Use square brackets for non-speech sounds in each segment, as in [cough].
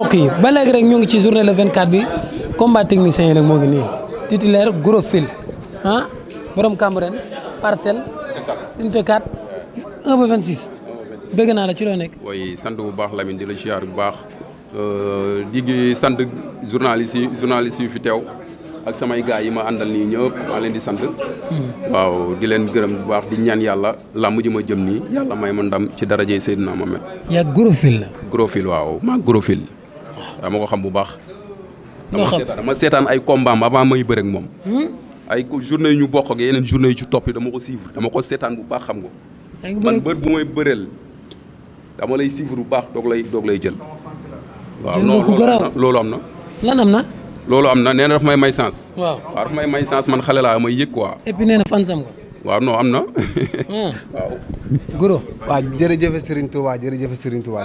mbokk yi ba léegi rek ñu ngi ci journée vingt 24 bi combat technicien yi nag moo ngi nii titulaire gros fil ah borom Cambérène parcelle unité 4 1 ba 26 bëgg naa la ci loo nekk. oui sant bu baax Lamine di la ziar bu baax euh, di sant journaliste yi journaliste fi teew ak samay gaay yi ma àndal nii ñëpp maa leen di sant. Hmm. waaw di leen gërëm bu baax di ñaan yàlla làmb ji ma jëm nii yàlla may ma ndam ci darajee Seydina Mohamed. yaa gros fil la. gros fil waaw maa gros dama ko xam bu baax. dama seetaan dama seetaan ay combat avant may bëre ak moom. Hmm? ay journée yu ñu bokk ak yeneen journée yu ci topp dama ko suivre dama ko seetaan bu baax xam nga. man bër bu may bëreel dama lay suivre bu baax doog lay lay jël. waaw non loolu am na lan na. loolu am na nee na daf may may sens. waaw waaw daf may may sens man xale laa may yëg ko et puis nee na fan sam nga. waaw non am na. [laughs] Hmm. waaw. Goro. waaw jërëjëf Serigne Touba jërëjëf Serigne Touba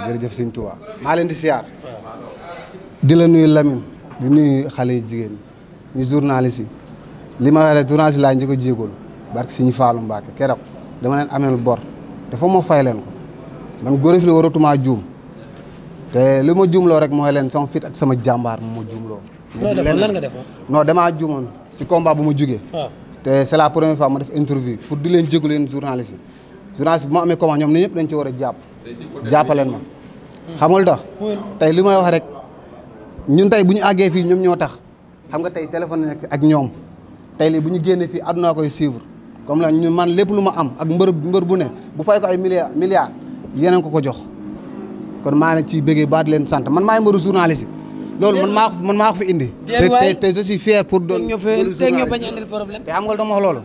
maa leen di siyaar. di la nuyu Lamine di nuyu xale yu jigéen ñu journaliste yi li ma waxee journaliste laa njëkk a jégalu barke si ñu Fallou Mbacke keroog dama leen ameel bor te foo ma fay leen ko man Gorée Filé waratuma juum te li ma juumloo rek mooy leen sama fit ak sama jàmbaar moom ma juumloo. loo defoon lan nga defoon non damaa juumoon si combat bu mu jugee. Ah. te c'est la première fois ma def interview pour di leen jégalu yéen journaliste yi journaliste bu amee comment ñoom ni ñëpp dañ ci war a jàpp. jàppaleen ma. xamul tax tey li may rek. ñun tey bu ñu àggee fii ñoom ñoo tax xam nga tey téléphone nekk ak ñoom tey lii bu ñu génnee fii àdduna koy suivre comme la ñu man lépp lu ma am ak mbër mbër bu ne bu fay ko ay milliards yeneen ko ko jox kon maa ngi ciy bëggee baat leen sant man maay mbëru journaliste loolu man maa man maa ko fi indi. te te je suis fier pour. doo mbëru journaliste teg bañ andil problème. te xam loolu.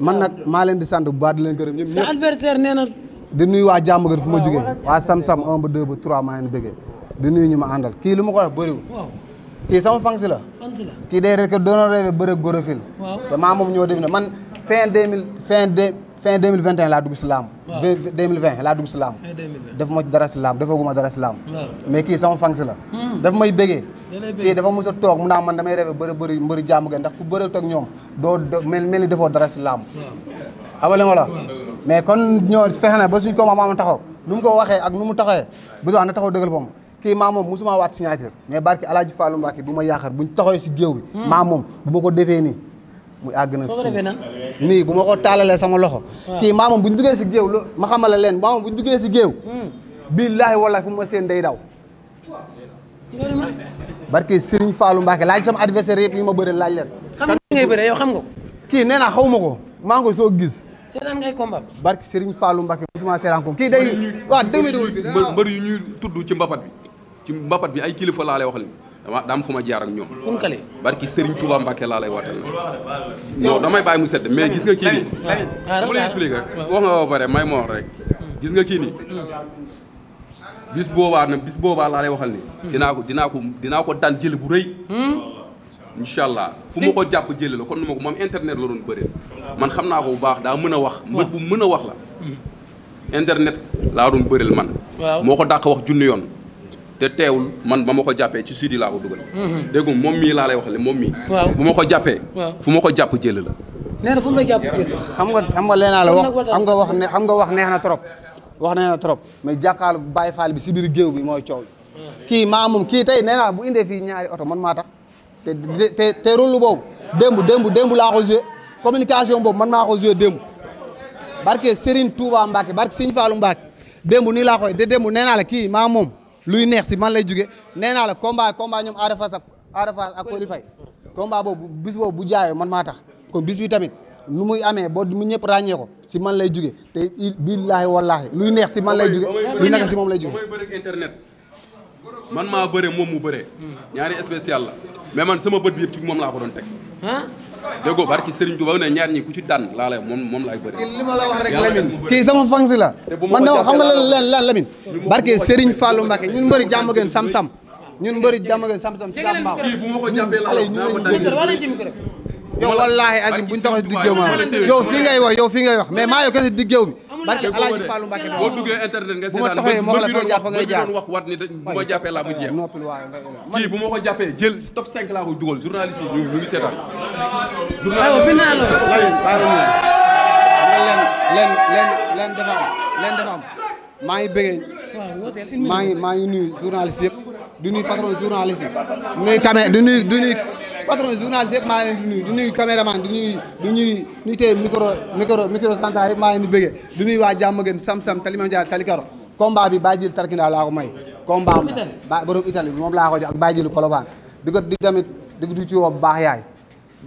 man nag maa leen di sant bu baax di leen gërëm ñëpp. sa adversaire nee na. di nuyu waa jàmm fu ma jugee. waa Sam Sam 1 ba 2 ba 3 maa ngi leen du nuyu ñu ma àndal kii lu ma ko wax bëriwul. waaw kii sama fansi la. fansi la kii day rek doon rêvé bëre gorofil. waaw te ñoo def ne man fin deux mille fin deux fin vingt et laa dugg si def ma dara si làmb defaguma dara si làmb. kii sama fansi la. Hmm. daf may bëggee. kii dafa mos a toog mu naan man damay rêvé bëri bëri mbëri ndax ku bëre toog ñoom mel ni defoo dara si làmb. waaw la mais kon ñoo fexe na ba suñ ko ma ma taxaw nu mu ko waxee ak nu mu taxawee bu kii maa moom musuma waat signature mais barki alaaji Fallou Mbacke bu ma yaakaar buñ taxawee si géew bi hmm. maa moom bu ma ko defee nii muy àgg na suuf nii bu ma ko taalalee sama loxo kii maa moom buñ duggee si géew lu ma xamala leen maa moom buñ si géew hmm. billaahi wallaahi fu ma seen day daw barki Serigne Fallou Mbacke laaj sama adversaire yëpp yi ma bëri laaj leen xam nga ngay bëri yow xam kii nee naa ma ko maa ngi ko soo gis seetaan ngay combat barki Serigne Fallou Mbacke musuma kii day waaw dégg nga mbër ñuy tudd ci mbapat bi ci mbapat bi ay kilifa laa lay wax leen dama fu ma jaar ak ñoom. kunkale barki Serigne Touba Mbacke laa lay damay bàyyi mu mais gis nga kii nii. mu may ma wax gis nga kii nii. Hmm. bis boobaa na bis boobaa laa waxal ni hmm. dinaa ko dinaa ko dinaa ko daan jël bu rëy. Hmm. incha allah fu ma ko jàpp jëlee la kon nu ko moom internet la doon bëree man xam naa ko bu baax daa mën a wax. mbër bu mën a wax la. internet laa doon bëreel man. moo ko dàq wax junni yoon. te teewul man ba ma ko jàppee ci sudi laa ko dugal. Mhm. dégg moom mii laa lay waxale moom mii. bu ma ko jàppee. fu ma ko jàpp jël la. nee na fu mu la jàpp jël xam nga xam nga leenaa la wax xam nga wax ne xam nga wax neex na trop. wax neex na trop mais jàkkaarlu Baye Fall bi si biir géew bi mooy coow. Mm. kii maa moom kii tey nee naa bu indee fii ñaari oto man maa tax te te te rôle boobu démb démb démb laa ko joué communication boobu man maa ko joué démb barke Serigne Touba Mbacke barke Serigne Fallou Mbacke démb nii laa koy de démb nee naa kii maa moom luy neex si man lay jugee nee naa la combat combat ñoom Ada Fass ak Ada Fass ak Coly Faye boobu bis boobu bu jaayoo man maa tax kon bis bi tamit nu muy amee boo mu ñëpp ràññee ko si man lay jugee te billaahi wallaahi luy neex si man lay jugee luy naka si moom lay jugee internet man maa bëre moom mu bëre ñaari spécial la mais man sama bët bi yëpp ci moom laa ko doon teg déggoo barki Serigne Touba ne ñaar ñi ku ci daan laa moom moom laay bëri. li ma la wax rek Lamine kii sama fang si la. man dama xam nga ñun mbëri jàmm sam-sam ñun mbëri jàmm gën sam-sam si gàmbaaw. kii bu ma ko si digg yow maa fii ngay wax yow fii ngay wax mais maa yow kese digg yow barke Alaaji Fallou Mbacke boo duggee internet nga seetaan doon wax wat ni bu ma jàppee laa bu jeex kii bu ma ko jàppee jël top 5 laa koy dugal journaliste yi ñu ngi seetaan leen leen leen dafa am leen dafa am maa ngi bëggee maa ngi maa ngi nuyu journaliste du nuyu patron journaliste yi du nuyu camé du nuyu du nuyu patron journaliste yëpp maa leen di ñu tey micro micro micro santar yëpp maa leen di bëggee du nuyu waa jàmm gën sam-sam tali mam jaar tali karo combat bi bàyyi jël tarkindaa laa ko may combat ba borom bi moom laa ko jox ak bàyyi jël kolobaan di ko tamit di du ci woo baax yaay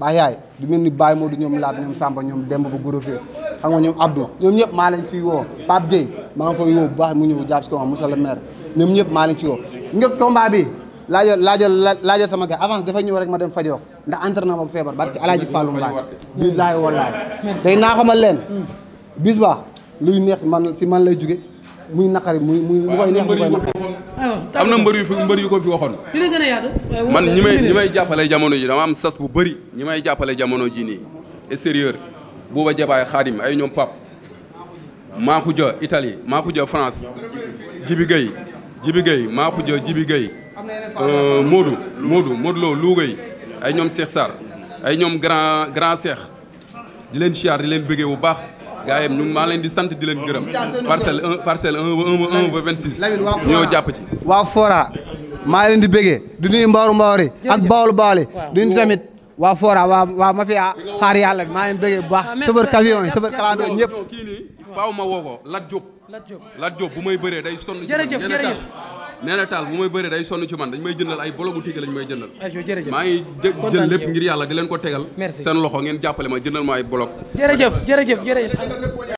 baax yaay du mel ni Baye Modou ñoom laab ñoom Samba ñoom Demba bu Gorofé xam nga ñoom Abdou ñoom ñëpp maa leen ciy woo Pape Gueye maa ngi koy baax mu ñëw jàpp si ko ma monsieur le maire ñoom ñëpp maa leen ciy woo njëkk combat bi laajal laajal laajal sama gars avance dafa ñëw rek ma dem fajoo ndax entraînement ba feebar barki alaaji Fallou Mbacké laay wallaahi tey naa xamal leen mm. bis ba luy neex man si man lay jóge muy naqari muy mu koy neex mu koy naqari ah, am na mbër yu fi yu ko fi waxoon man ñi may ñi may jàppale jamono ji dama am sas bu bari ñi may jàppale jamono ji nii extérieur buuba jabaay xaadim ay ñoom pap Makuja Italie Makuja France Jibi Gueye Jibi Gueye Makhoudia Jibi Gueye euh, Modou Modou Modou Lo Louga yi ay ñoom Cheikh Sarr ay ñoom grand grand Cheikh di leen ar di leen bëggee bu baax gaa yi ñu maa leen di sant di leen gërëm parcelle un parcelle un un ba vingt six ñoo jàpp ci waa foora maa leen di bëggee du nuyu mbaaru mbaari ak baawlu baali di nuyu tamit waa Fora waa waa mafia xaar yàlla bi maa leen bëggee bu baax sëfër camion yi sëfër kalandoo faaw ma woo ko Lat Diop. Lat Diop Lat bu may bëree day sonn. jërëjëf jërëjëf ci nee na taal bu may day sonn ci man dañ may jëndal ay bolo bu tigga lañ may jëndal. jërëjëf maa ngi jël lépp ngir yàlla di leen ko tegal. seen loxo ngeen jàppale ma jëndal ma ay bolok. jërëjëf jërëjëf jërëjëf.